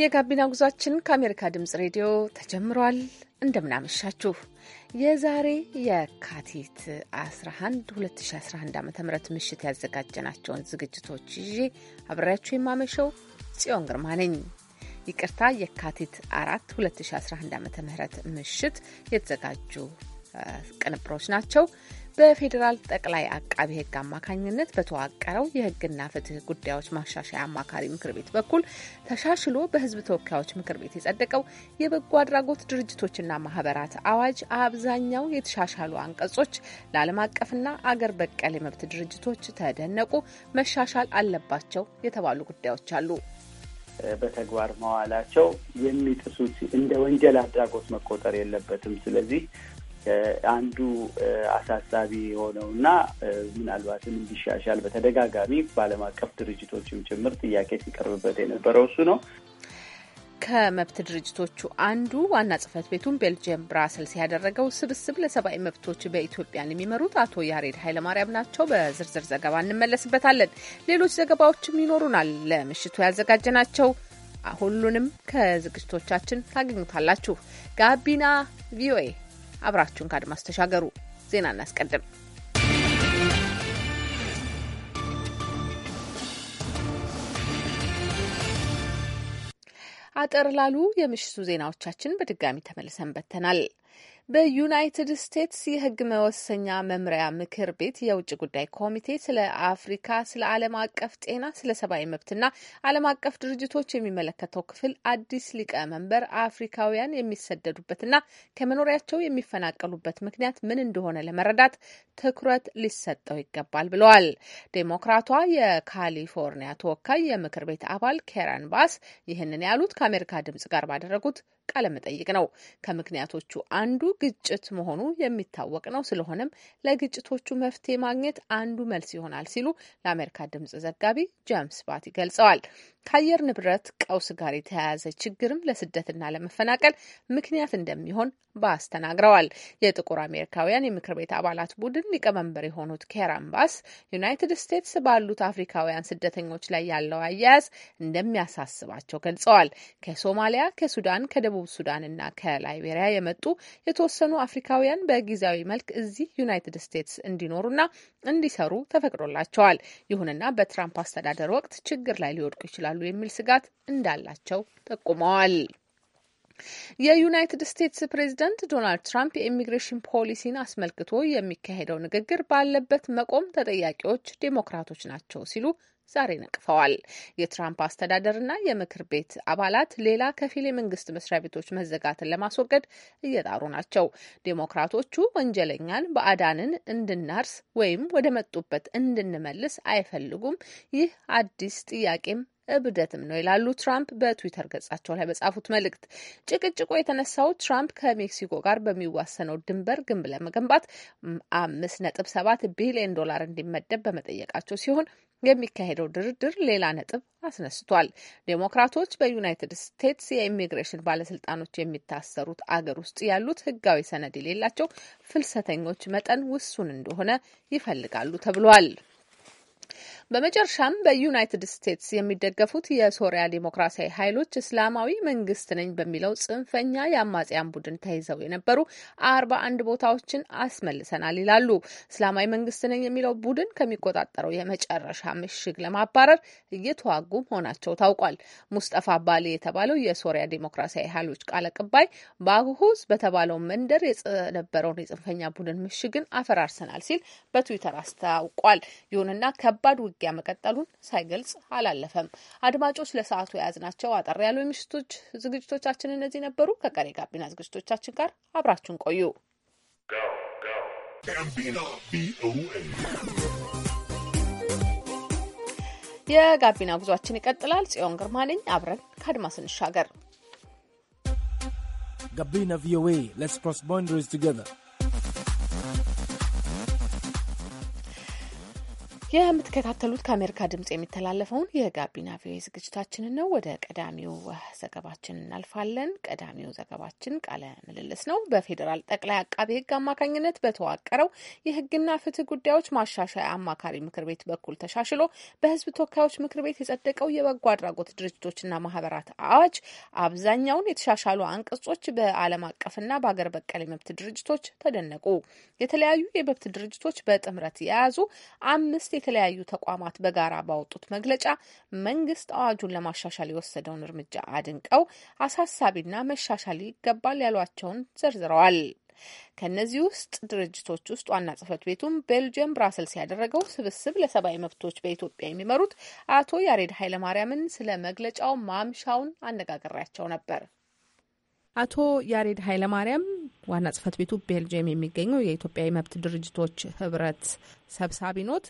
የጋቢና ጉዟችን ከአሜሪካ ድምጽ ሬዲዮ ተጀምሯል። እንደምናመሻችሁ የዛሬ የካቲት 11 2011 ዓ ም ምሽት ያዘጋጀናቸውን ዝግጅቶች ይዤ አብሬያችሁ የማመሸው ጽዮን ግርማ ነኝ። ይቅርታ የካቲት አራት 2011 ዓ ም ምሽት የተዘጋጁ ቅንብሮች ናቸው። በፌዴራል ጠቅላይ አቃቢ ሕግ አማካኝነት በተዋቀረው የሕግና ፍትህ ጉዳዮች ማሻሻያ አማካሪ ምክር ቤት በኩል ተሻሽሎ በሕዝብ ተወካዮች ምክር ቤት የጸደቀው የበጎ አድራጎት ድርጅቶችና ማህበራት አዋጅ አብዛኛው የተሻሻሉ አንቀጾች ለዓለም አቀፍና አገር በቀል የመብት ድርጅቶች ተደነቁ፣ መሻሻል አለባቸው የተባሉ ጉዳዮች አሉ። በተግባር መዋላቸው የሚጥሱት እንደ ወንጀል አድራጎት መቆጠር የለበትም። ስለዚህ አንዱ አሳሳቢ የሆነው እና ምናልባትም እንዲሻሻል በተደጋጋሚ በዓለም አቀፍ ድርጅቶችም ጭምር ጥያቄ ሲቀርብበት የነበረው እሱ ነው። ከመብት ድርጅቶቹ አንዱ ዋና ጽህፈት ቤቱን ቤልጅየም ብራስልስ ያደረገው ስብስብ ለሰብአዊ መብቶች በኢትዮጵያን የሚመሩት አቶ ያሬድ ኃይለማርያም ናቸው። በዝርዝር ዘገባ እንመለስበታለን። ሌሎች ዘገባዎችም ይኖሩናል። ለምሽቱ ያዘጋጀናቸው ሁሉንም ከዝግጅቶቻችን ታገኙታላችሁ። ጋቢና ቪኦኤ አብራችሁን ከአድማስ ተሻገሩ። ዜና እናስቀድም። አጠር ላሉ የምሽቱ ዜናዎቻችን በድጋሚ ተመልሰን በተናል። በዩናይትድ ስቴትስ የሕግ መወሰኛ መምሪያ ምክር ቤት የውጭ ጉዳይ ኮሚቴ ስለ አፍሪካ፣ ስለ ዓለም አቀፍ ጤና፣ ስለ ሰብአዊ መብትና ዓለም አቀፍ ድርጅቶች የሚመለከተው ክፍል አዲስ ሊቀመንበር አፍሪካውያን የሚሰደዱበትና ከመኖሪያቸው የሚፈናቀሉበት ምክንያት ምን እንደሆነ ለመረዳት ትኩረት ሊሰጠው ይገባል ብለዋል። ዴሞክራቷ የካሊፎርኒያ ተወካይ የምክር ቤት አባል ኬራን ባስ ይህንን ያሉት ከአሜሪካ ድምጽ ጋር ባደረጉት ቃለመጠይቅ ነው። ከምክንያቶቹ አንዱ ግጭት መሆኑ የሚታወቅ ነው። ስለሆነም ለግጭቶቹ መፍትሄ ማግኘት አንዱ መልስ ይሆናል ሲሉ ለአሜሪካ ድምጽ ዘጋቢ ጃምስ ባቲ ገልጸዋል። ከአየር ንብረት ቀውስ ጋር የተያያዘ ችግርም ለስደትና ለመፈናቀል ምክንያት እንደሚሆን ባስ ተናግረዋል። የጥቁር አሜሪካውያን የምክር ቤት አባላት ቡድን ሊቀመንበር የሆኑት ኬራን ባስ ዩናይትድ ስቴትስ ባሉት አፍሪካውያን ስደተኞች ላይ ያለው አያያዝ እንደሚያሳስባቸው ገልጸዋል። ከሶማሊያ፣ ከሱዳን፣ ከደቡብ ከደቡብ ሱዳንና ከላይቤሪያ የመጡ የተወሰኑ አፍሪካውያን በጊዜያዊ መልክ እዚህ ዩናይትድ ስቴትስ እንዲኖሩና እንዲሰሩ ተፈቅዶላቸዋል። ይሁንና በትራምፕ አስተዳደር ወቅት ችግር ላይ ሊወድቁ ይችላሉ የሚል ስጋት እንዳላቸው ጠቁመዋል። የዩናይትድ ስቴትስ ፕሬዝደንት ዶናልድ ትራምፕ የኢሚግሬሽን ፖሊሲን አስመልክቶ የሚካሄደው ንግግር ባለበት መቆም ተጠያቂዎች ዴሞክራቶች ናቸው ሲሉ ዛሬ ነቅፈዋል። የትራምፕ አስተዳደርና የምክር ቤት አባላት ሌላ ከፊል የመንግስት መስሪያ ቤቶች መዘጋትን ለማስወገድ እየጣሩ ናቸው። ዴሞክራቶቹ ወንጀለኛን በአዳንን እንድናርስ ወይም ወደ መጡበት እንድንመልስ አይፈልጉም። ይህ አዲስ ጥያቄም እብደትም ነው ይላሉ ትራምፕ በትዊተር ገጻቸው ላይ በጻፉት መልእክት። ጭቅጭቁ የተነሳው ትራምፕ ከሜክሲኮ ጋር በሚዋሰነው ድንበር ግንብ ለመገንባት አምስት ነጥብ ሰባት ቢሊዮን ዶላር እንዲመደብ በመጠየቃቸው ሲሆን የሚካሄደው ድርድር ሌላ ነጥብ አስነስቷል። ዴሞክራቶች በዩናይትድ ስቴትስ የኢሚግሬሽን ባለስልጣኖች የሚታሰሩት አገር ውስጥ ያሉት ህጋዊ ሰነድ የሌላቸው ፍልሰተኞች መጠን ውሱን እንደሆነ ይፈልጋሉ ተብሏል። በመጨረሻም በዩናይትድ ስቴትስ የሚደገፉት የሶሪያ ዲሞክራሲያዊ ኃይሎች እስላማዊ መንግስት ነኝ በሚለው ጽንፈኛ የአማጽያን ቡድን ተይዘው የነበሩ አርባ አንድ ቦታዎችን አስመልሰናል ይላሉ። እስላማዊ መንግስት ነኝ የሚለው ቡድን ከሚቆጣጠረው የመጨረሻ ምሽግ ለማባረር እየተዋጉ መሆናቸው ታውቋል። ሙስጠፋ ባሌ የተባለው የሶሪያ ዲሞክራሲያዊ ኃይሎች ቃል አቀባይ ባግሁዝ በተባለው መንደር የነበረውን የጽንፈኛ ቡድን ምሽግን አፈራርሰናል ሲል በትዊተር አስታውቋል። ይሁንና ከባድ ውጊያ መቀጠሉን ሳይገልጽ አላለፈም። አድማጮች ለሰዓቱ የያዝናቸው አጠር ያሉ የምሽቶች ዝግጅቶቻችን እነዚህ ነበሩ። ከቀሪ ጋቢና ዝግጅቶቻችን ጋር አብራችሁን ቆዩ። የጋቢና ጉዟችን ይቀጥላል። ጽዮን ግርማ ነኝ። አብረን ከአድማስ እንሻገር። ጋቢና ቪኦኤ ሌትስ ክሮስ ቦንደሪስ ቱጌዘር የምትከታተሉት ከአሜሪካ ድምጽ የሚተላለፈውን የጋቢና ቪኦኤ ዝግጅታችንን ነው። ወደ ቀዳሚው ዘገባችን እናልፋለን። ቀዳሚው ዘገባችን ቃለ ምልልስ ነው። በፌዴራል ጠቅላይ አቃቤ ሕግ አማካኝነት በተዋቀረው የሕግና ፍትህ ጉዳዮች ማሻሻያ አማካሪ ምክር ቤት በኩል ተሻሽሎ በሕዝብ ተወካዮች ምክር ቤት የጸደቀው የበጎ አድራጎት ድርጅቶችና ማህበራት አዋጅ አብዛኛውን የተሻሻሉ አንቀጾች በዓለም አቀፍና በአገር በቀል የመብት ድርጅቶች ተደነቁ። የተለያዩ የመብት ድርጅቶች በጥምረት የያዙ አምስት የተለያዩ ተቋማት በጋራ ባወጡት መግለጫ መንግስት አዋጁን ለማሻሻል የወሰደውን እርምጃ አድንቀው አሳሳቢና መሻሻል ይገባል ያሏቸውን ዘርዝረዋል። ከእነዚህ ውስጥ ድርጅቶች ውስጥ ዋና ጽህፈት ቤቱም ቤልጅየም ብራሰልስ ያደረገው ስብስብ ለሰብአዊ መብቶች በኢትዮጵያ የሚመሩት አቶ ያሬድ ኃይለማርያምን ስለ መግለጫው ማምሻውን አነጋግሬያቸው ነበር። አቶ ያሬድ ኃይለማርያም ዋና ጽህፈት ቤቱ ቤልጅየም የሚገኘው የኢትዮጵያ የመብት ድርጅቶች ህብረት ሰብሳቢ ኖት።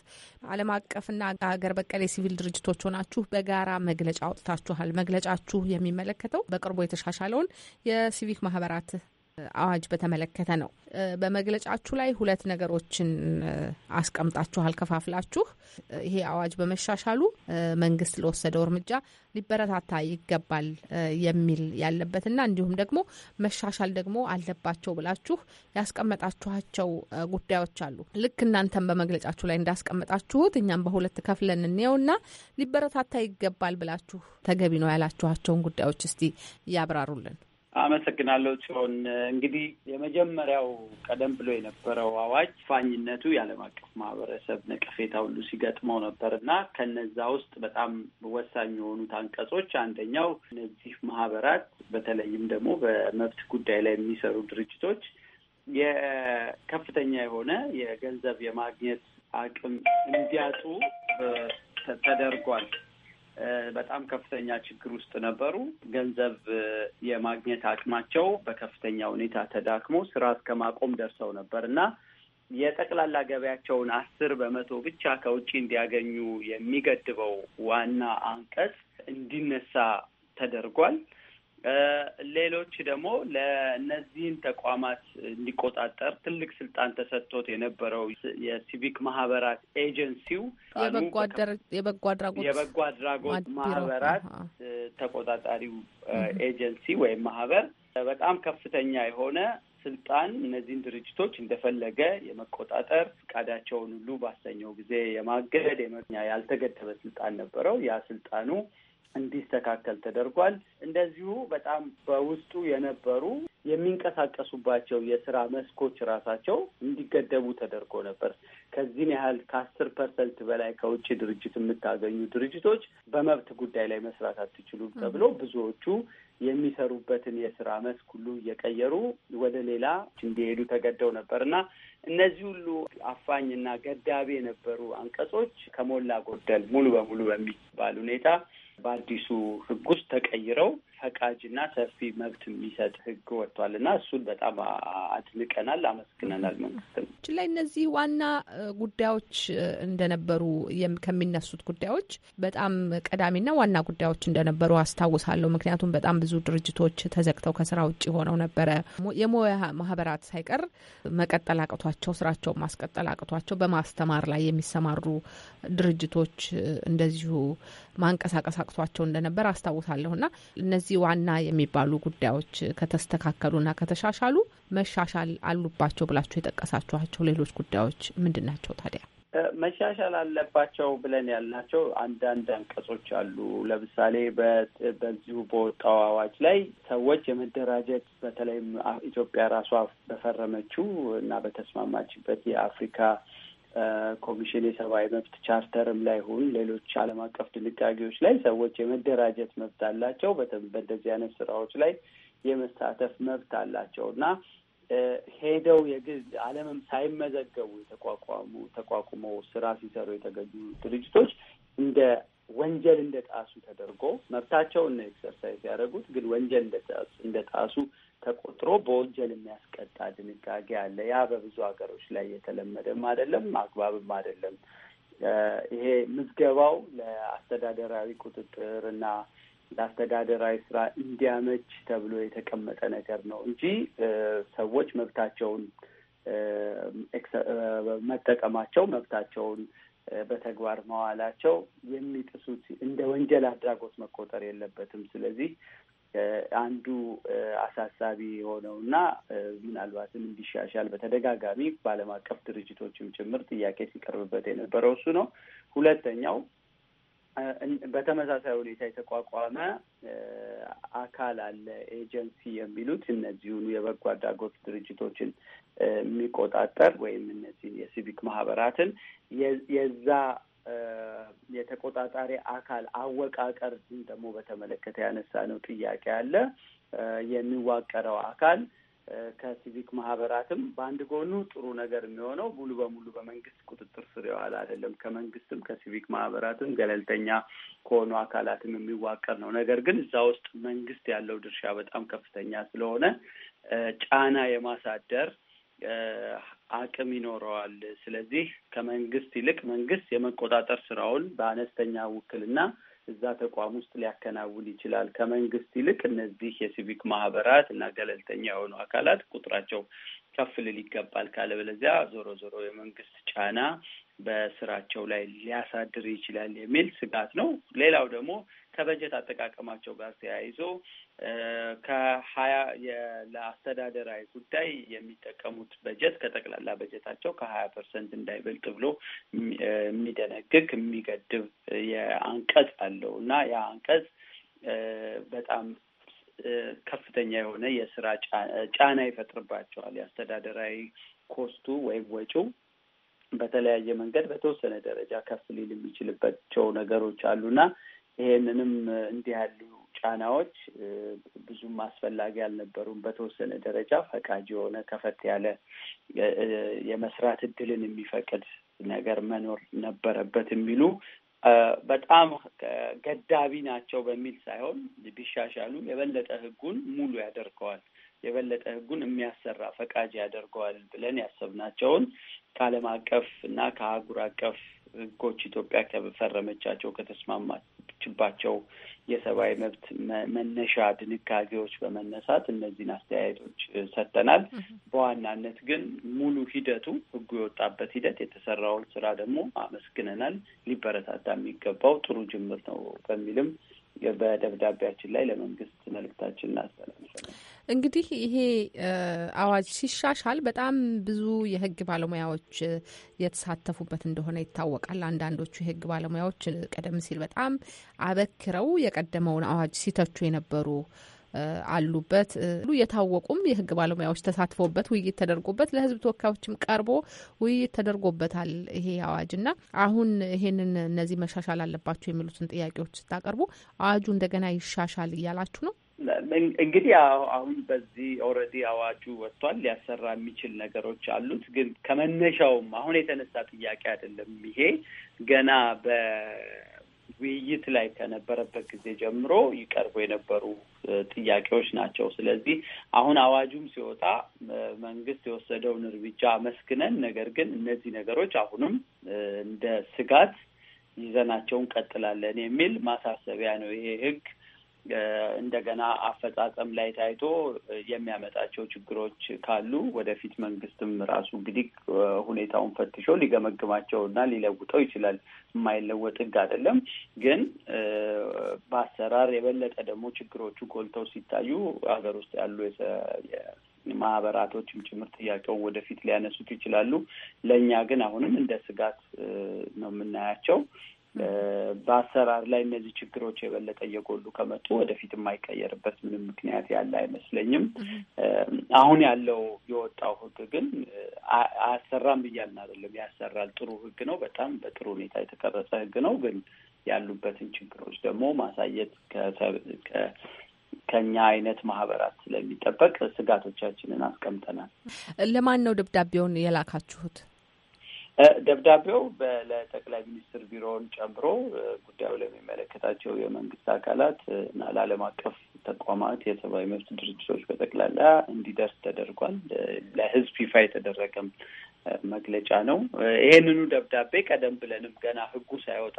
ዓለም አቀፍና ሀገር በቀል የሲቪል ድርጅቶች ሆናችሁ በጋራ መግለጫ አውጥታችኋል። መግለጫችሁ የሚመለከተው በቅርቡ የተሻሻለውን የሲቪክ ማህበራት አዋጅ በተመለከተ ነው። በመግለጫችሁ ላይ ሁለት ነገሮችን አስቀምጣችኋል ከፋፍላችሁ። ይሄ አዋጅ በመሻሻሉ መንግስት ለወሰደው እርምጃ ሊበረታታ ይገባል የሚል ያለበትና እንዲሁም ደግሞ መሻሻል ደግሞ አለባቸው ብላችሁ ያስቀመጣችኋቸው ጉዳዮች አሉ። ልክ እናንተም በመግለጫችሁ ላይ እንዳስቀመጣችሁት እኛም በሁለት ከፍለን እንየውና ሊበረታታ ይገባል ብላችሁ ተገቢ ነው ያላችኋቸውን ጉዳዮች እስቲ ያብራሩልን። አመሰግናለሁ ሲሆን እንግዲህ የመጀመሪያው ቀደም ብሎ የነበረው አዋጅ ፋኝነቱ የዓለም አቀፍ ማህበረሰብ ነቀፌታ ሁሉ ሲገጥመው ነበር እና ከነዛ ውስጥ በጣም ወሳኝ የሆኑት አንቀጾች አንደኛው እነዚህ ማህበራት በተለይም ደግሞ በመብት ጉዳይ ላይ የሚሰሩ ድርጅቶች የከፍተኛ የሆነ የገንዘብ የማግኘት አቅም እንዲያጡ ተደርጓል። በጣም ከፍተኛ ችግር ውስጥ ነበሩ። ገንዘብ የማግኘት አቅማቸው በከፍተኛ ሁኔታ ተዳክሞ ስራ እስከ ማቆም ደርሰው ነበር እና የጠቅላላ ገበያቸውን አስር በመቶ ብቻ ከውጭ እንዲያገኙ የሚገድበው ዋና አንቀጽ እንዲነሳ ተደርጓል። ሌሎች ደግሞ ለእነዚህን ተቋማት እንዲቆጣጠር ትልቅ ስልጣን ተሰጥቶት የነበረው የሲቪክ ማህበራት ኤጀንሲው የበጎ አድራጎት የበጎ አድራጎት ማህበራት ተቆጣጣሪው ኤጀንሲ ወይም ማህበር በጣም ከፍተኛ የሆነ ስልጣን እነዚህን ድርጅቶች እንደፈለገ የመቆጣጠር ፍቃዳቸውን ሁሉ ባሰኘው ጊዜ የማገድ ያልተገደበ ስልጣን ነበረው። ያ ስልጣኑ እንዲስተካከል ተደርጓል። እንደዚሁ በጣም በውስጡ የነበሩ የሚንቀሳቀሱባቸው የስራ መስኮች ራሳቸው እንዲገደቡ ተደርጎ ነበር። ከዚህን ያህል ከአስር ፐርሰንት በላይ ከውጭ ድርጅት የምታገኙ ድርጅቶች በመብት ጉዳይ ላይ መስራት አትችሉም ተብሎ ብዙዎቹ የሚሰሩበትን የስራ መስክ ሁሉ እየቀየሩ ወደ ሌላ እንዲሄዱ ተገደው ነበር እና እነዚህ ሁሉ አፋኝና ገዳቢ የነበሩ አንቀጾች ከሞላ ጎደል ሙሉ በሙሉ በሚባል ሁኔታ በአዲሱ ህግ ውስጥ ተቀይረው ፈቃጅ እና ሰፊ መብት የሚሰጥ ህግ ወጥቷል እና እሱን በጣም አድንቀናል፣ አመስግነናል መንግስትን ች ላይ እነዚህ ዋና ጉዳዮች እንደነበሩ ከሚነሱት ጉዳዮች በጣም ቀዳሚና ዋና ጉዳዮች እንደነበሩ አስታውሳለሁ። ምክንያቱም በጣም ብዙ ድርጅቶች ተዘግተው ከስራ ውጭ ሆነው ነበረ። የሙያ ማህበራት ሳይቀር መቀጠል አቅቷቸው ስራቸውን ማስቀጠል አቅቷቸው በማስተማር ላይ የሚሰማሩ ድርጅቶች እንደዚሁ ማንቀሳቀስ አቅቷቸው እንደነበር አስታውሳለሁ እና እነዚህ እነዚህ ዋና የሚባሉ ጉዳዮች ከተስተካከሉና ከተሻሻሉ መሻሻል አሉባቸው ብላችሁ የጠቀሳችኋቸው ሌሎች ጉዳዮች ምንድን ናቸው ታዲያ? መሻሻል አለባቸው ብለን ያልናቸው አንዳንድ አንቀጾች አሉ። ለምሳሌ በዚሁ በወጣው አዋጅ ላይ ሰዎች የመደራጀት በተለይም ኢትዮጵያ ራሷ በፈረመችው እና በተስማማችበት የአፍሪካ ኮሚሽን የሰብአዊ መብት ቻርተርም ላይ ሁን ሌሎች ዓለም አቀፍ ድንጋጌዎች ላይ ሰዎች የመደራጀት መብት አላቸው። በእንደዚህ አይነት ስራዎች ላይ የመሳተፍ መብት አላቸው እና ሄደው የግዝ ዓለምም ሳይመዘገቡ የተቋቋሙ ተቋቁመው ስራ ሲሰሩ የተገኙ ድርጅቶች እንደ ወንጀል እንደ ጣሱ ተደርጎ መብታቸውን ኤክሰርሳይዝ ያደረጉት ግን ወንጀል እንደ ጣሱ ተቆጥሮ በወንጀል የሚያስቀጣ ድንጋጌ አለ። ያ በብዙ ሀገሮች ላይ የተለመደም አይደለም፣ አግባብም አይደለም። ይሄ ምዝገባው ለአስተዳደራዊ ቁጥጥር እና ለአስተዳደራዊ ስራ እንዲያመች ተብሎ የተቀመጠ ነገር ነው እንጂ ሰዎች መብታቸውን መጠቀማቸው መብታቸውን በተግባር መዋላቸው የሚጥሱት እንደ ወንጀል አድራጎት መቆጠር የለበትም። ስለዚህ አንዱ አሳሳቢ የሆነው እና ምናልባትም እንዲሻሻል በተደጋጋሚ በዓለም አቀፍ ድርጅቶችም ጭምር ጥያቄ ሲቀርብበት የነበረው እሱ ነው። ሁለተኛው በተመሳሳይ ሁኔታ የተቋቋመ አካል አለ ኤጀንሲ የሚሉት እነዚሁኑ የበጎ አድራጎት ድርጅቶችን የሚቆጣጠር ወይም እነዚህን የሲቪክ ማህበራትን የዛ የተቆጣጣሪ አካል አወቃቀር ደግሞ በተመለከተ ነው ጥያቄ አለ። የሚዋቀረው አካል ከሲቪክ ማህበራትም በአንድ ጎኑ ጥሩ ነገር የሚሆነው ሙሉ በሙሉ በመንግስት ቁጥጥር ስር የዋለ አይደለም። ከመንግስትም ከሲቪክ ማህበራትም ገለልተኛ ከሆኑ አካላትም የሚዋቀር ነው። ነገር ግን እዛ ውስጥ መንግስት ያለው ድርሻ በጣም ከፍተኛ ስለሆነ ጫና የማሳደር አቅም ይኖረዋል። ስለዚህ ከመንግስት ይልቅ መንግስት የመቆጣጠር ስራውን በአነስተኛ ውክልና እዛ ተቋም ውስጥ ሊያከናውን ይችላል። ከመንግስት ይልቅ እነዚህ የሲቪክ ማህበራት እና ገለልተኛ የሆኑ አካላት ቁጥራቸው ከፍ ሊል ይገባል። ካለበለዚያ ዞሮ ዞሮ የመንግስት ጫና በስራቸው ላይ ሊያሳድር ይችላል የሚል ስጋት ነው። ሌላው ደግሞ ከበጀት አጠቃቀማቸው ጋር ተያይዞ ከሀያ ለአስተዳደራዊ ጉዳይ የሚጠቀሙት በጀት ከጠቅላላ በጀታቸው ከሀያ ፐርሰንት እንዳይበልጥ ብሎ የሚደነግግ የሚገድብ የአንቀጽ አለው እና ያ አንቀጽ በጣም ከፍተኛ የሆነ የስራ ጫና ይፈጥርባቸዋል። የአስተዳደራዊ ኮስቱ ወይም ወጪው በተለያየ መንገድ በተወሰነ ደረጃ ከፍ ሊል የሚችልባቸው ነገሮች አሉና ይሄንንም እንዲህ ያሉ ጫናዎች ብዙም አስፈላጊ አልነበሩም። በተወሰነ ደረጃ ፈቃጅ የሆነ ከፈት ያለ የመስራት እድልን የሚፈቅድ ነገር መኖር ነበረበት የሚሉ በጣም ገዳቢ ናቸው በሚል ሳይሆን ቢሻሻሉ የበለጠ ሕጉን ሙሉ ያደርገዋል የበለጠ ሕጉን የሚያሰራ ፈቃጅ ያደርገዋል ብለን ያሰብናቸውን ከዓለም አቀፍ እና ከአህጉር አቀፍ ህጎች ኢትዮጵያ ከፈረመቻቸው ከተስማማችባቸው የሰብአዊ መብት መነሻ ድንጋጌዎች በመነሳት እነዚህን አስተያየቶች ሰጥተናል። በዋናነት ግን ሙሉ ሂደቱ ህጉ የወጣበት ሂደት የተሰራውን ስራ ደግሞ አመስግነናል። ሊበረታታ የሚገባው ጥሩ ጅምር ነው በሚልም በደብዳቤያችን ላይ ለመንግስት መልእክታችን እናስተላልፈናል። እንግዲህ ይሄ አዋጅ ሲሻሻል በጣም ብዙ የህግ ባለሙያዎች የተሳተፉበት እንደሆነ ይታወቃል። አንዳንዶቹ የህግ ባለሙያዎች ቀደም ሲል በጣም አበክረው የቀደመውን አዋጅ ሲተቹ የነበሩ አሉበት። የታወቁም የህግ ባለሙያዎች ተሳትፎበት ውይይት ተደርጎበት ለህዝብ ተወካዮችም ቀርቦ ውይይት ተደርጎበታል ይሄ አዋጅ እና አሁን ይሄንን እነዚህ መሻሻል አለባቸው የሚሉትን ጥያቄዎች ስታቀርቡ አዋጁ እንደገና ይሻሻል እያላችሁ ነው? እንግዲህ አሁን በዚህ ኦልሬዲ አዋጁ ወጥቷል። ሊያሰራ የሚችል ነገሮች አሉት። ግን ከመነሻውም አሁን የተነሳ ጥያቄ አይደለም። ይሄ ገና በውይይት ላይ ከነበረበት ጊዜ ጀምሮ ይቀርቡ የነበሩ ጥያቄዎች ናቸው። ስለዚህ አሁን አዋጁም ሲወጣ መንግስት የወሰደውን እርምጃ አመስግነን፣ ነገር ግን እነዚህ ነገሮች አሁንም እንደ ስጋት ይዘናቸውን ቀጥላለን የሚል ማሳሰቢያ ነው ይሄ ህግ እንደገና አፈጻጸም ላይ ታይቶ የሚያመጣቸው ችግሮች ካሉ ወደፊት መንግስትም ራሱ እንግዲህ ሁኔታውን ፈትሾ ሊገመግማቸው እና ሊለውጠው ይችላል። የማይለወጥ ህግ አይደለም። ግን በአሰራር የበለጠ ደግሞ ችግሮቹ ጎልተው ሲታዩ ሀገር ውስጥ ያሉ ማህበራቶችም ጭምር ጥያቄውን ወደፊት ሊያነሱት ይችላሉ። ለእኛ ግን አሁንም እንደ ስጋት ነው የምናያቸው። በአሰራር ላይ እነዚህ ችግሮች የበለጠ እየጎሉ ከመጡ ወደፊት የማይቀየርበት ምንም ምክንያት ያለ አይመስለኝም። አሁን ያለው የወጣው ህግ ግን አያሰራም ብያልን አይደለም፣ ያሰራል። ጥሩ ህግ ነው። በጣም በጥሩ ሁኔታ የተቀረጸ ህግ ነው። ግን ያሉበትን ችግሮች ደግሞ ማሳየት ከኛ አይነት ማህበራት ስለሚጠበቅ ስጋቶቻችንን አስቀምጠናል። ለማን ነው ደብዳቤውን የላካችሁት? ደብዳቤው ለጠቅላይ ሚኒስትር ቢሮውን ጨምሮ ጉዳዩ ለሚመለከታቸው የመንግስት አካላት እና ለዓለም አቀፍ ተቋማት የሰብአዊ መብት ድርጅቶች በጠቅላላ እንዲደርስ ተደርጓል። ለህዝብ ይፋ የተደረገም መግለጫ ነው። ይሄንኑ ደብዳቤ ቀደም ብለንም ገና ህጉ ሳይወጣ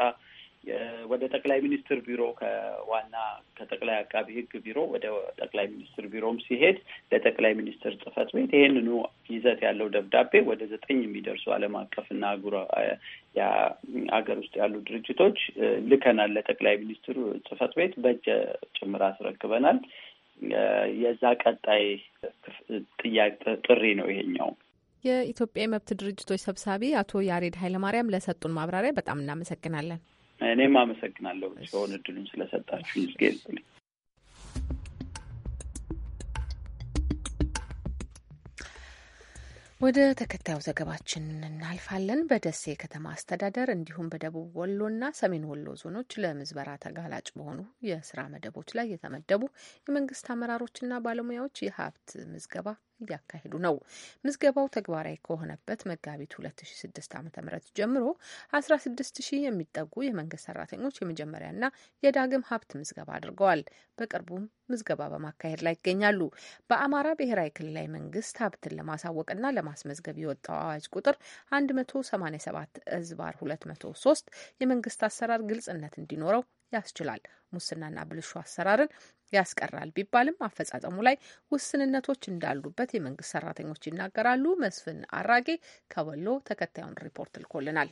ወደ ጠቅላይ ሚኒስትር ቢሮ ከዋና ከጠቅላይ አቃቢ ሕግ ቢሮ ወደ ጠቅላይ ሚኒስትር ቢሮም ሲሄድ ለጠቅላይ ሚኒስትር ጽህፈት ቤት ይህንኑ ይዘት ያለው ደብዳቤ ወደ ዘጠኝ የሚደርሱ ዓለም አቀፍና አገር ውስጥ ያሉ ድርጅቶች ልከናል። ለጠቅላይ ሚኒስትሩ ጽፈት ቤት በእጀ ጭምር አስረክበናል። የዛ ቀጣይ ጥያቄ ጥሪ ነው ይሄኛው። የኢትዮጵያ የመብት ድርጅቶች ሰብሳቢ አቶ ያሬድ ኃይለማርያም ለሰጡን ማብራሪያ በጣም እናመሰግናለን። እኔም አመሰግናለሁ ሆን እድሉን ስለሰጣችሁ ይዝጌ ወደ ተከታዩ ዘገባችን እናልፋለን። በደሴ ከተማ አስተዳደር እንዲሁም በደቡብ ወሎና ሰሜን ወሎ ዞኖች ለምዝበራ ተጋላጭ በሆኑ የስራ መደቦች ላይ የተመደቡ የመንግስት አመራሮችና ባለሙያዎች የሀብት ምዝገባ እያካሄዱ ነው። ምዝገባው ተግባራዊ ከሆነበት መጋቢት 2006 ዓ.ም ጀምሮ 16 ሺህ የሚጠጉ የመንግስት ሰራተኞች የመጀመሪያና የዳግም ሀብት ምዝገባ አድርገዋል። በቅርቡም ምዝገባ በማካሄድ ላይ ይገኛሉ። በአማራ ብሔራዊ ክልላዊ መንግስት ሀብትን ለማሳወቅና ለማስመዝገብ የወጣው አዋጅ ቁጥር 187 እዝባር 203 የመንግስት አሰራር ግልጽነት እንዲኖረው ያስችላል። ሙስናና ብልሹ አሰራርን ያስቀራል ቢባልም አፈጻጸሙ ላይ ውስንነቶች እንዳሉበት የመንግስት ሰራተኞች ይናገራሉ። መስፍን አራጌ ከወሎ ተከታዩን ሪፖርት ልኮልናል።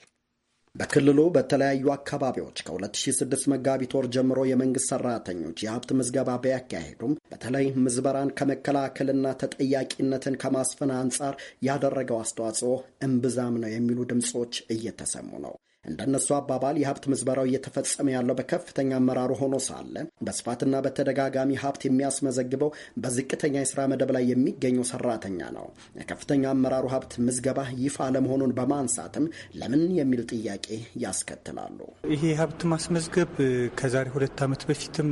በክልሉ በተለያዩ አካባቢዎች ከ2006 መጋቢት ወር ጀምሮ የመንግስት ሰራተኞች የሀብት ምዝገባ ቢያካሄዱም በተለይ ምዝበራን ከመከላከልና ተጠያቂነትን ከማስፈን አንጻር ያደረገው አስተዋጽኦ እምብዛም ነው የሚሉ ድምፆች እየተሰሙ ነው። እንደነሱ አባባል የሀብት ምዝበራው እየተፈጸመ ያለው በከፍተኛ አመራሩ ሆኖ ሳለ በስፋትና በተደጋጋሚ ሀብት የሚያስመዘግበው በዝቅተኛ የስራ መደብ ላይ የሚገኘው ሰራተኛ ነው። የከፍተኛ አመራሩ ሀብት ምዝገባ ይፋ አለመሆኑን በማንሳትም ለምን የሚል ጥያቄ ያስከትላሉ። ይሄ ሀብት ማስመዝገብ ከዛሬ ሁለት ዓመት በፊትም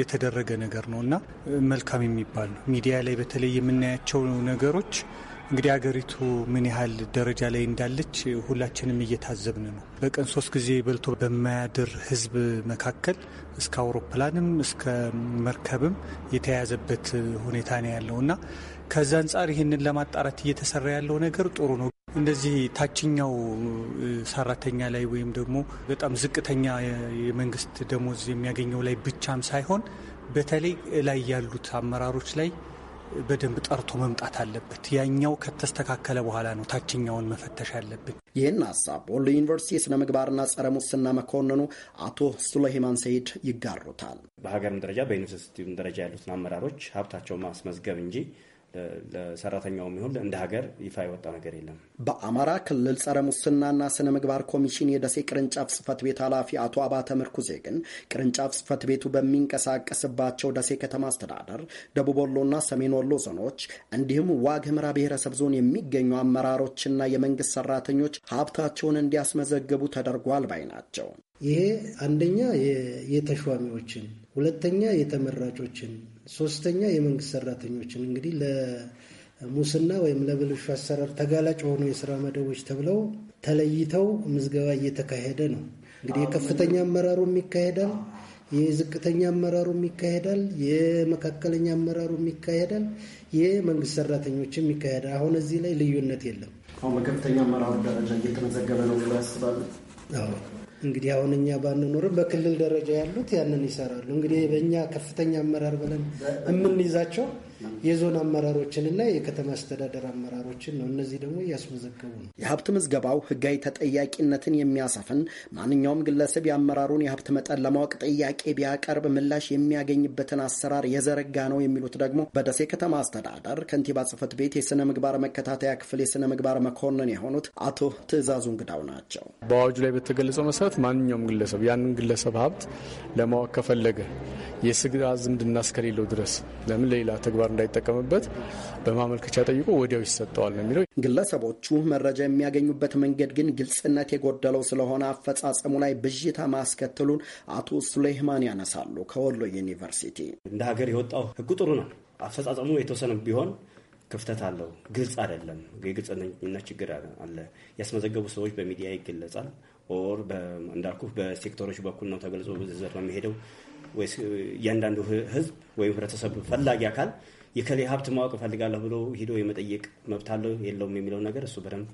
የተደረገ ነገር ነው እና መልካም የሚባል ነው። ሚዲያ ላይ በተለይ የምናያቸው ነገሮች እንግዲህ ሀገሪቱ ምን ያህል ደረጃ ላይ እንዳለች ሁላችንም እየታዘብን ነው። በቀን ሶስት ጊዜ በልቶ በማያድር ሕዝብ መካከል እስከ አውሮፕላንም እስከ መርከብም የተያያዘበት ሁኔታ ነው ያለው እና ከዛ አንጻር ይህንን ለማጣራት እየተሰራ ያለው ነገር ጥሩ ነው። እንደዚህ ታችኛው ሰራተኛ ላይ ወይም ደግሞ በጣም ዝቅተኛ የመንግስት ደሞዝ የሚያገኘው ላይ ብቻም ሳይሆን በተለይ ላይ ያሉት አመራሮች ላይ በደንብ ጠርቶ መምጣት አለበት። ያኛው ከተስተካከለ በኋላ ነው ታችኛውን መፈተሽ አለብን። ይህን ሀሳብ ወሎ ዩኒቨርሲቲ የስነ ምግባርና ጸረ ሙስና መኮንኑ አቶ ሱለይማን ሰይድ ይጋሩታል። በሀገርም ደረጃ በዩኒቨርሲቲ ደረጃ ያሉትን አመራሮች ሀብታቸው ማስመዝገብ እንጂ ለሰራተኛው የሚሆን እንደ ሀገር ይፋ የወጣ ነገር የለም። በአማራ ክልል ጸረ ሙስናና ስነ ምግባር ኮሚሽን የደሴ ቅርንጫፍ ጽህፈት ቤት ኃላፊ አቶ አባተ ምርኩዜ ግን ቅርንጫፍ ጽህፈት ቤቱ በሚንቀሳቀስባቸው ደሴ ከተማ አስተዳደር፣ ደቡብ ወሎና ሰሜን ወሎ ዞኖች እንዲሁም ዋግ ህምራ ብሔረሰብ ዞን የሚገኙ አመራሮችና የመንግስት ሰራተኞች ሀብታቸውን እንዲያስመዘግቡ ተደርጓል ባይ ናቸው። ይሄ አንደኛ የተሿሚዎችን፣ ሁለተኛ የተመራጮችን ሶስተኛ የመንግስት ሰራተኞችን እንግዲህ ለሙስና ወይም ለብልሹ አሰራር ተጋላጭ የሆኑ የስራ መደቦች ተብለው ተለይተው ምዝገባ እየተካሄደ ነው። እንግዲህ የከፍተኛ አመራሩም ይካሄዳል፣ የዝቅተኛ አመራሩም ይካሄዳል፣ የመካከለኛ አመራሩም ይካሄዳል፣ የመንግስት ሰራተኞችም ይካሄዳል። አሁን እዚህ ላይ ልዩነት የለም። አሁን በከፍተኛ አመራሩ ደረጃ እየተመዘገበ ነው ያስባሉ እንግዲህ አሁን እኛ ባንኖርም በክልል ደረጃ ያሉት ያንን ይሰራሉ። እንግዲህ በእኛ ከፍተኛ አመራር ብለን የምንይዛቸው የዞን አመራሮችንና የከተማ አስተዳደር አመራሮችን ነው። እነዚህ ደግሞ እያስመዘገቡ ነው። የሀብት ምዝገባው ህጋዊ ተጠያቂነትን የሚያሰፍን ማንኛውም ግለሰብ የአመራሩን የሀብት መጠን ለማወቅ ጥያቄ ቢያቀርብ ምላሽ የሚያገኝበትን አሰራር የዘረጋ ነው የሚሉት ደግሞ በደሴ ከተማ አስተዳደር ከንቲባ ጽህፈት ቤት የስነ ምግባር መከታተያ ክፍል የስነ ምግባር መኮንን የሆኑት አቶ ትዕዛዙ እንግዳው ናቸው። በአዋጁ ላይ በተገለጸው መሰረት ማንኛውም ግለሰብ ያንን ግለሰብ ሀብት ለማወቅ ከፈለገ የስጋ ዝምድና እስከሌለው ድረስ ለምን ለሌላ ተግባር ተግባር እንዳይጠቀምበት በማመልከቻ ጠይቆ ወዲያው ይሰጠዋል ነው የሚለው። ግለሰቦቹ መረጃ የሚያገኙበት መንገድ ግን ግልጽነት የጎደለው ስለሆነ አፈጻጸሙ ላይ ብዥታ ማስከተሉን አቶ ሱሌይማን ያነሳሉ። ከወሎ ዩኒቨርሲቲ እንደ ሀገር የወጣው ህጉ ጥሩ ነው። አፈጻጸሙ የተወሰነ ቢሆን ክፍተት አለው። ግልጽ አይደለም። የግልጽነት ችግር አለ። ያስመዘገቡ ሰዎች በሚዲያ ይገለጻል ኦር እንዳልኩ በሴክተሮች በኩል ነው ተገልጾ ዘር ነው የሚሄደው። እያንዳንዱ ህዝብ ወይም ህብረተሰብ ፈላጊ አካል የከሌ ሀብት ማወቅ እፈልጋለሁ ብሎ ሂዶ የመጠየቅ መብት አለው የለውም የሚለው ነገር እሱ በደንብ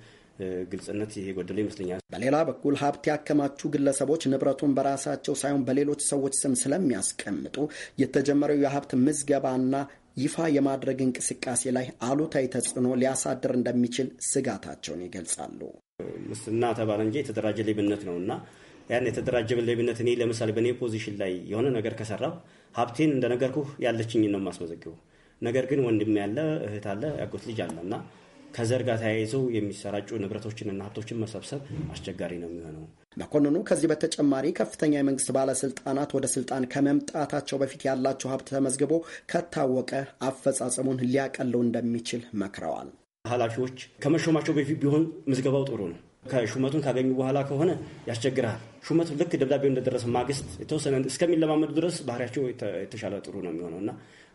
ግልጽነት የጎደለው ይመስለኛል። በሌላ በኩል ሀብት ያከማቹ ግለሰቦች ንብረቱን በራሳቸው ሳይሆን በሌሎች ሰዎች ስም ስለሚያስቀምጡ የተጀመረው የሀብት ምዝገባና ይፋ የማድረግ እንቅስቃሴ ላይ አሉታዊ ተጽዕኖ ሊያሳድር እንደሚችል ስጋታቸውን ይገልጻሉ። ሙስና ተባለ እንጂ የተደራጀ ሌብነት ነው እና ያን የተደራጀ ሌብነት እኔ ለምሳሌ በእኔ ፖዚሽን ላይ የሆነ ነገር ከሰራው ሀብቴን እንደነገርኩህ ያለችኝ ነው የማስመዘግበው ነገር ግን ወንድም ያለ እህት አለ ያጎት ልጅ አለ እና ከዘር ጋር ተያይዘው የሚሰራጩ ንብረቶችንና ሀብቶችን መሰብሰብ አስቸጋሪ ነው የሚሆነው። መኮንኑ ከዚህ በተጨማሪ ከፍተኛ የመንግስት ባለስልጣናት ወደ ስልጣን ከመምጣታቸው በፊት ያላቸው ሀብት ተመዝግቦ ከታወቀ አፈጻጸሙን ሊያቀለው እንደሚችል መክረዋል። ኃላፊዎች ከመሾማቸው በፊት ቢሆን ምዝገባው ጥሩ ነው። ከሹመቱን ካገኙ በኋላ ከሆነ ያስቸግራል። ሹመቱ ልክ ደብዳቤው እንደደረሰ ማግስት የተወሰነ እስከሚለማመዱ ድረስ ባህሪያቸው የተሻለ ጥሩ ነው የሚሆነው እና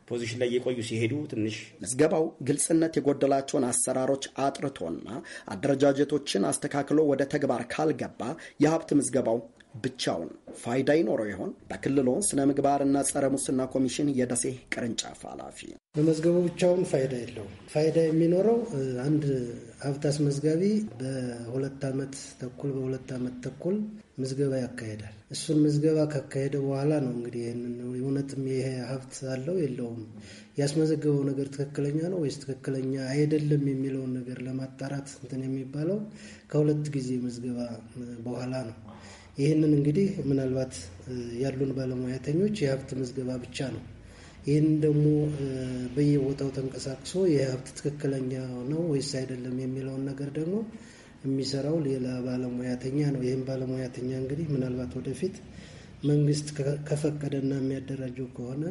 ፖዚሽን ላይ እየቆዩ ሲሄዱ ትንሽ ምዝገባው ግልጽነት የጎደላቸውን አሰራሮች አጥርቶና አደረጃጀቶችን አስተካክሎ ወደ ተግባር ካልገባ የሀብት ምዝገባው ብቻውን ፋይዳ ይኖረው ይሆን? በክልሉ ስነ ምግባርና ጸረ ሙስና ኮሚሽን የደሴ ቅርንጫፍ ኃላፊ፣ በመዝገቡ ብቻውን ፋይዳ የለውም። ፋይዳ የሚኖረው አንድ ሀብት አስመዝጋቢ በሁለት ዓመት ተኩል በሁለት ዓመት ተኩል ምዝገባ ያካሄዳል። እሱን ምዝገባ ካካሄደ በኋላ ነው እንግዲህ ይህንን እውነትም ይሄ ሀብት አለው የለውም፣ ያስመዘገበው ነገር ትክክለኛ ነው ወይስ ትክክለኛ አይደለም የሚለውን ነገር ለማጣራት እንትን የሚባለው ከሁለት ጊዜ ምዝገባ በኋላ ነው። ይህንን እንግዲህ ምናልባት ያሉን ባለሙያተኞች የሀብት ምዝገባ ብቻ ነው። ይህንን ደግሞ በየቦታው ተንቀሳቅሶ የሀብት ትክክለኛ ነው ወይስ አይደለም የሚለውን ነገር ደግሞ የሚሰራው ሌላ ባለሙያተኛ ነው። ይህም ባለሙያተኛ እንግዲህ ምናልባት ወደፊት መንግስት ከፈቀደና የሚያደራጀው ከሆነ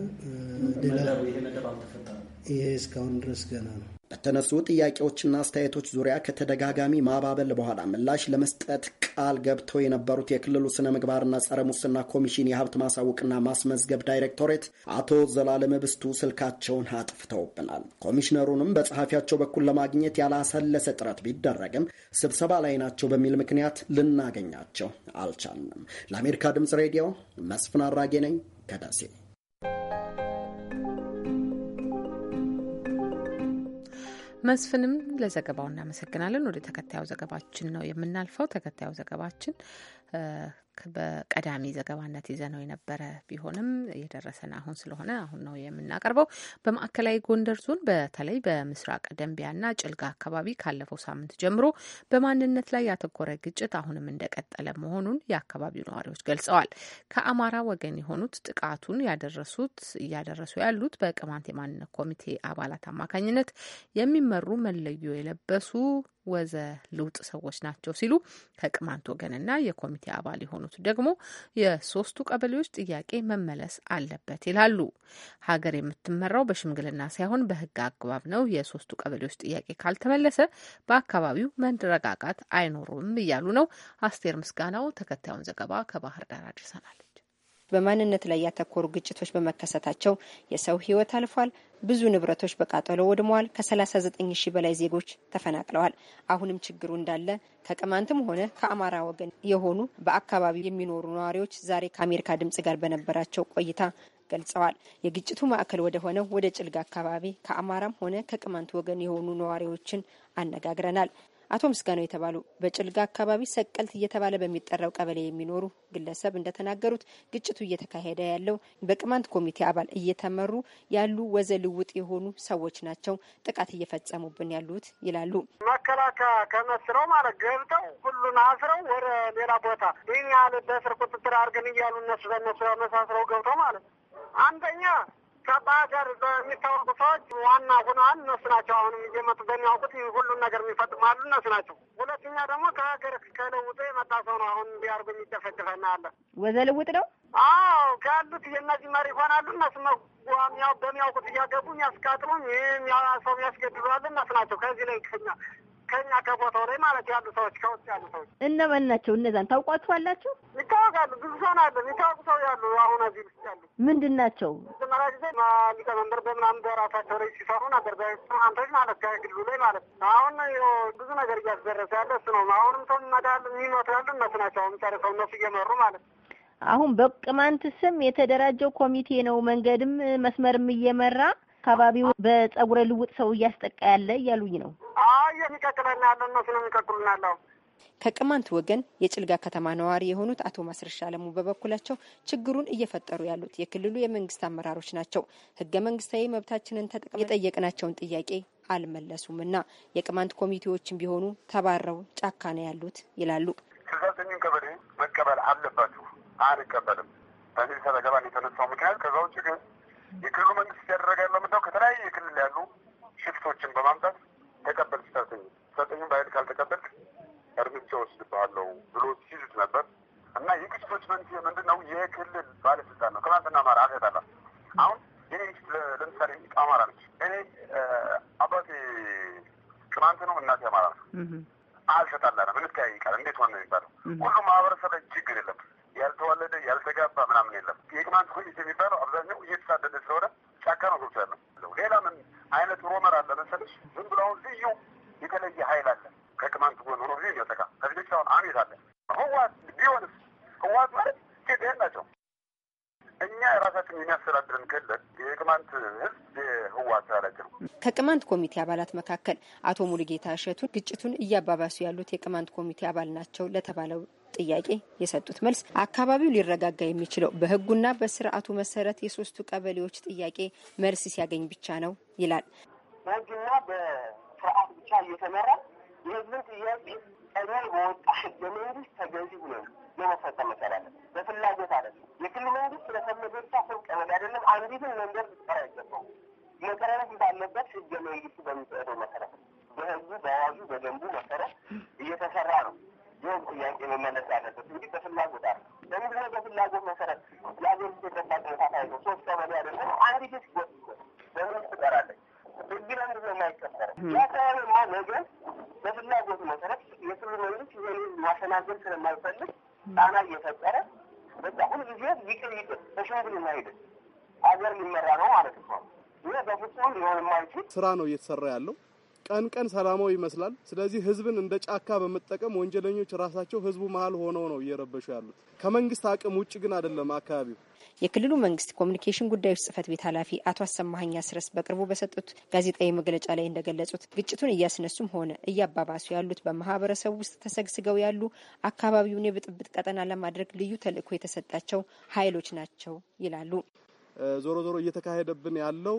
ይሄ እስካሁን ድረስ ገና ነው። በተነሱ ጥያቄዎችና አስተያየቶች ዙሪያ ከተደጋጋሚ ማባበል በኋላ ምላሽ ለመስጠት ቃል ገብተው የነበሩት የክልሉ ስነ ምግባርና ጸረ ሙስና ኮሚሽን የሀብት ማሳወቅና ማስመዝገብ ዳይሬክቶሬት አቶ ዘላለም ብስቱ ስልካቸውን አጥፍተውብናል። ኮሚሽነሩንም በጸሐፊያቸው በኩል ለማግኘት ያላሰለሰ ጥረት ቢደረግም ስብሰባ ላይ ናቸው በሚል ምክንያት ልናገኛቸው አልቻልንም። ለአሜሪካ ድምፅ ሬዲዮ መስፍን አራጌ ነኝ ከደሴ። መስፍንም ለዘገባው እናመሰግናለን። ወደ ተከታዩ ዘገባችን ነው የምናልፈው። ተከታዩ ዘገባችን በቀዳሚ ዘገባነት ይዘነው የነበረ ቢሆንም የደረሰን አሁን ስለሆነ አሁን ነው የምናቀርበው። በማዕከላዊ ጎንደር ዞን በተለይ በምስራቅ ደንቢያና ጭልጋ አካባቢ ካለፈው ሳምንት ጀምሮ በማንነት ላይ ያተኮረ ግጭት አሁንም እንደቀጠለ መሆኑን የአካባቢው ነዋሪዎች ገልጸዋል። ከአማራ ወገን የሆኑት ጥቃቱን ያደረሱት እያደረሱ ያሉት በቅማንት የማንነት ኮሚቴ አባላት አማካኝነት የሚመሩ መለዮ የለበሱ ወዘ ልውጥ ሰዎች ናቸው ሲሉ ከቅማንት ወገንና የኮሚቴ አባል የሆኑት ደግሞ የሶስቱ ቀበሌዎች ጥያቄ መመለስ አለበት ይላሉ። ሀገር የምትመራው በሽምግልና ሳይሆን በህግ አግባብ ነው። የሶስቱ ቀበሌዎች ጥያቄ ካልተመለሰ በአካባቢው መረጋጋት አይኖሩም እያሉ ነው። አስቴር ምስጋናው ተከታዩን ዘገባ ከባህር ዳር አድርሰናለች። በማንነት ላይ ያተኮሩ ግጭቶች በመከሰታቸው የሰው ህይወት አልፏል። ብዙ ንብረቶች በቃጠሎ ወድመዋል። ከ39 ሺህ በላይ ዜጎች ተፈናቅለዋል። አሁንም ችግሩ እንዳለ ከቅማንትም ሆነ ከአማራ ወገን የሆኑ በአካባቢው የሚኖሩ ነዋሪዎች ዛሬ ከአሜሪካ ድምጽ ጋር በነበራቸው ቆይታ ገልጸዋል። የግጭቱ ማዕከል ወደ ሆነው ወደ ጭልጋ አካባቢ ከአማራም ሆነ ከቅማንት ወገን የሆኑ ነዋሪዎችን አነጋግረናል። አቶ ምስጋናው የተባሉ በጭልጋ አካባቢ ሰቀልት እየተባለ በሚጠራው ቀበሌ የሚኖሩ ግለሰብ እንደተናገሩት ግጭቱ እየተካሄደ ያለው በቅማንት ኮሚቴ አባል እየተመሩ ያሉ ወዘ ልውጥ የሆኑ ሰዎች ናቸው ጥቃት እየፈጸሙብን ያሉት ይላሉ። መከላከያ ከመስለው ማለት ገብተው ሁሉን አስረው ወደ ሌላ ቦታ ይህን ያህል ቁጥጥር አድርገን እያሉ እነሱ በነሱ መሳስረው ገብተው ማለት አንደኛ ከባህር ዳር በሚታወቁ ሰዎች ዋና ሆነዋል። እነሱ ናቸው አሁንም እየመጡ በሚያውቁት ሁሉን ነገር የሚፈጥማሉ እነሱ ናቸው። ሁለተኛ ደግሞ ከሀገር ከለውጡ የመጣ ሰው ነው። አሁን እንዲያርጉ የሚጨፈጭፈና አለ ልውጥ ነው። አዎ ካሉት የእነዚህ መሪ ይሆናሉ። እነሱ በሚያውቁት እያገቡ የሚያስቃጥሉም ይህ ሰው የሚያስገድሉ እነሱ ናቸው። ከዚህ ላይ ክፍኛ ከኛ ከቦታው ላይ ማለት ያሉ ሰዎች ከውጭ ያሉ ሰዎች እነማን ናቸው? እነዛን ታውቋቸዋላችሁ? ይታወቃሉ። ብዙ ሰው ናለ የሚታወቁ ሰው ያሉ አሁን እዚህ ውስጥ ያሉ ምንድን ናቸው? መጀመሪያ ጊዜ ሊቀመንበር በምናምን በራሳቸው ላይ ሲሰሩ ነበር፣ በኢንስትሩመንቶች ማለት ከግሉ ላይ ማለት አሁን ብዙ ነገር እያስደረሰ ያለ እሱ ነው። አሁንም ሰው ይመጣሉ የሚሞት ያሉ እነሱ ናቸው። አሁን ጨርሰው እነሱ እየመሩ ማለት ነው። አሁን በቅማንት ስም የተደራጀው ኮሚቴ ነው መንገድም መስመርም እየመራ አካባቢው በጸጉረ ልውጥ ሰው እያስጠቃ ያለ እያሉኝ ነው። አይ የሚቀቅለና ያለ እነሱ ነው የሚቀቅሉናለው። ከቅማንት ወገን የጭልጋ ከተማ ነዋሪ የሆኑት አቶ ማስረሻ አለሙ በበኩላቸው ችግሩን እየፈጠሩ ያሉት የክልሉ የመንግስት አመራሮች ናቸው። ህገ መንግስታዊ መብታችንን ተጠቅመን የጠየቅናቸውን ጥያቄ አልመለሱም እና የቅማንት ኮሚቴዎችን ቢሆኑ ተባረው ጫካ ነው ያሉት ይላሉ። ስልሳተኝን ቀበሌ መቀበል አለባችሁ። አንቀበልም በዚህ ሰለገባን የተነሳው ምክንያት ከዛ ውጭ ግን የክልሉ መንግስት ሲያደረገ ያለው ምንድነው? ከተለያየ የክልል ያሉ ሽፍቶችን በማምጣት ተቀበል ስታተኝ ስታተኝ በኃይል ካልተቀበል እርምጃ ወስድብሃለሁ ብሎ ሲዙት ነበር እና የግጭቶች መንስኤ ምንድነው? የክልል ባለስልጣን ነው። ትናንትና አማራ አፌታላ አሁን እኔ ሚስት ለምሳሌ አማራ ነች። እኔ አባቴ ቅማንት ነው፣ እናቴ አማራ ነው። አልተጣላንም። እንተያይቃል። እንዴት ሆነ የሚባለው ሁሉም ማህበረሰብ ላይ ችግር የለም ያልተዋለደ ያልተጋባ ምናምን የለም። የቅማንት ኩኝት የሚባለው አብዛኛው እየተሳደደ ስለሆነ ጫካ ነው ገብቶ ነው። ሌላ ምን አይነት ሮመር አለ መሰለሽ? ዝም ብሎ አሁን ልዩ የተለየ ሀይል አለ ከቅማንት ጎን ሆኖ ጊዜ የሚያጠቃ ከዚህ አሁን አሜት አለ ህዋት ቢሆንስ ህዋት ማለት ኢትዮጵያውያን ናቸው። እኛ የራሳችን የሚያስተዳድርን ክልል የቅማንት ህዝብ የህወሓት ተላላቂ ነው። ከቅማንት ኮሚቴ አባላት መካከል አቶ ሙሉጌታ እሸቱን ግጭቱን እያባባሱ ያሉት የቅማንት ኮሚቴ አባል ናቸው ለተባለው ጥያቄ የሰጡት መልስ አካባቢው ሊረጋጋ የሚችለው በህጉና በስርዓቱ መሰረት የሶስቱ ቀበሌዎች ጥያቄ መልስ ሲያገኝ ብቻ ነው ይላል። በህግና በስርዓት ብቻ እየተመራ የህዝብን ጥያቄ ቀበሌ በወጣ ሕገ መንግስት ተገዢ ሆነን ለመፈጸም መቻል አለ። በፍላጎት አለ። የክልል መንግስት ስለፈለገ ብቻ ሰው ቀበሌ አይደለም አንዲትን መንገድ ልትጠራ አይገባው። መቀረረት ባለበት ህገ መንግስቱ በሚፈቅደው መሰረት በህጉ በአዋጁ በደንቡ መሰረት ሴቶች በሁለት ትቀራለች። እጅግ አንድ በፍላጎት መሰረት የክልሉ መንግስት ይህን ስለማይፈልግ ጣና እየፈጠረ በቃ ሁልጊዜ ይቅር ይቅር በሽምግልና ሄደ ሀገር ሊመራ ነው ማለት ነው። ይህ በፍጹም ሊሆን የማይችል ስራ ነው እየተሰራ ያለው። ቀን ቀን ሰላማዊ ይመስላል። ስለዚህ ህዝብን እንደ ጫካ በመጠቀም ወንጀለኞች ራሳቸው ህዝቡ መሀል ሆነው ነው እየረበሹ ያሉት። ከመንግስት አቅም ውጭ ግን አይደለም አካባቢው። የክልሉ መንግስት ኮሚኒኬሽን ጉዳዮች ጽህፈት ቤት ኃላፊ አቶ አሰማሀኝ ስረስ በቅርቡ በሰጡት ጋዜጣዊ መግለጫ ላይ እንደገለጹት ግጭቱን እያስነሱም ሆነ እያባባሱ ያሉት በማህበረሰቡ ውስጥ ተሰግስገው ያሉ አካባቢውን የብጥብጥ ቀጠና ለማድረግ ልዩ ተልእኮ የተሰጣቸው ኃይሎች ናቸው ይላሉ። ዞሮ ዞሮ እየተካሄደብን ያለው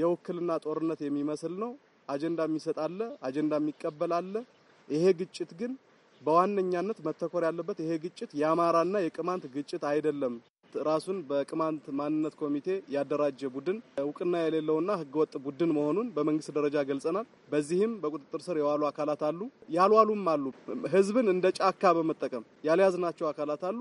የውክልና ጦርነት የሚመስል ነው። አጀንዳ የሚሰጥ አለ፣ አጀንዳ የሚቀበል አለ። ይሄ ግጭት ግን በዋነኛነት መተኮር ያለበት ይሄ ግጭት የአማራና የቅማንት ግጭት አይደለም። ራሱን በቅማንት ማንነት ኮሚቴ ያደራጀ ቡድን እውቅና የሌለውና ህገወጥ ቡድን መሆኑን በመንግስት ደረጃ ገልጸናል። በዚህም በቁጥጥር ስር የዋሉ አካላት አሉ፣ ያልዋሉም አሉ። ህዝብን እንደ ጫካ በመጠቀም ያልያዝናቸው አካላት አሉ።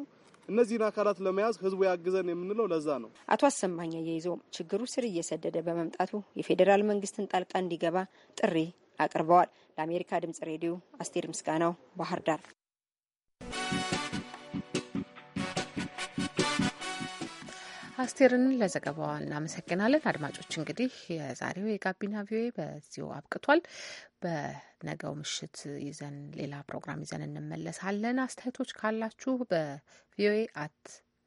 እነዚህን አካላት ለመያዝ ህዝቡ ያግዘን የምንለው ለዛ ነው። አቶ አሰማኝ አያይዘውም ችግሩ ስር እየሰደደ በመምጣቱ የፌዴራል መንግስትን ጣልቃ እንዲገባ ጥሪ አቅርበዋል። ለአሜሪካ ድምጽ ሬዲዮ አስቴር ምስጋናው ባህር ዳር አስቴርን ለዘገባዋ እናመሰግናለን። አድማጮች እንግዲህ የዛሬው የጋቢና ቪኦኤ በዚሁ አብቅቷል። በነገው ምሽት ይዘን ሌላ ፕሮግራም ይዘን እንመለሳለን። አስተያየቶች ካላችሁ በቪኦኤ አት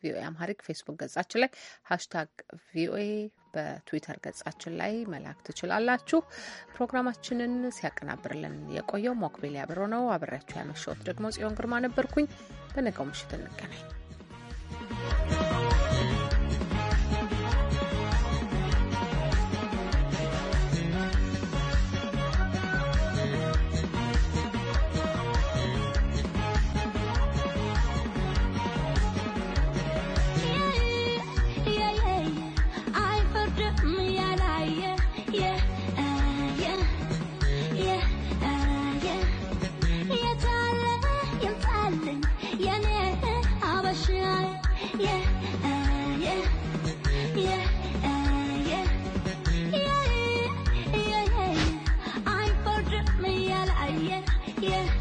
ቪኦኤ አምሃሪክ ፌስቡክ ገጻችን ላይ ሀሽታግ ቪኦኤ በትዊተር ገጻችን ላይ መላክ ትችላላችሁ። ፕሮግራማችንን ሲያቀናብርልን የቆየው ሞክቤል ያብሮ ነው። አብሬያችሁ ያመሸሁት ደግሞ ጽዮን ግርማ ነበርኩኝ። በነገው ምሽት እንገናኝ። yeah, yeah.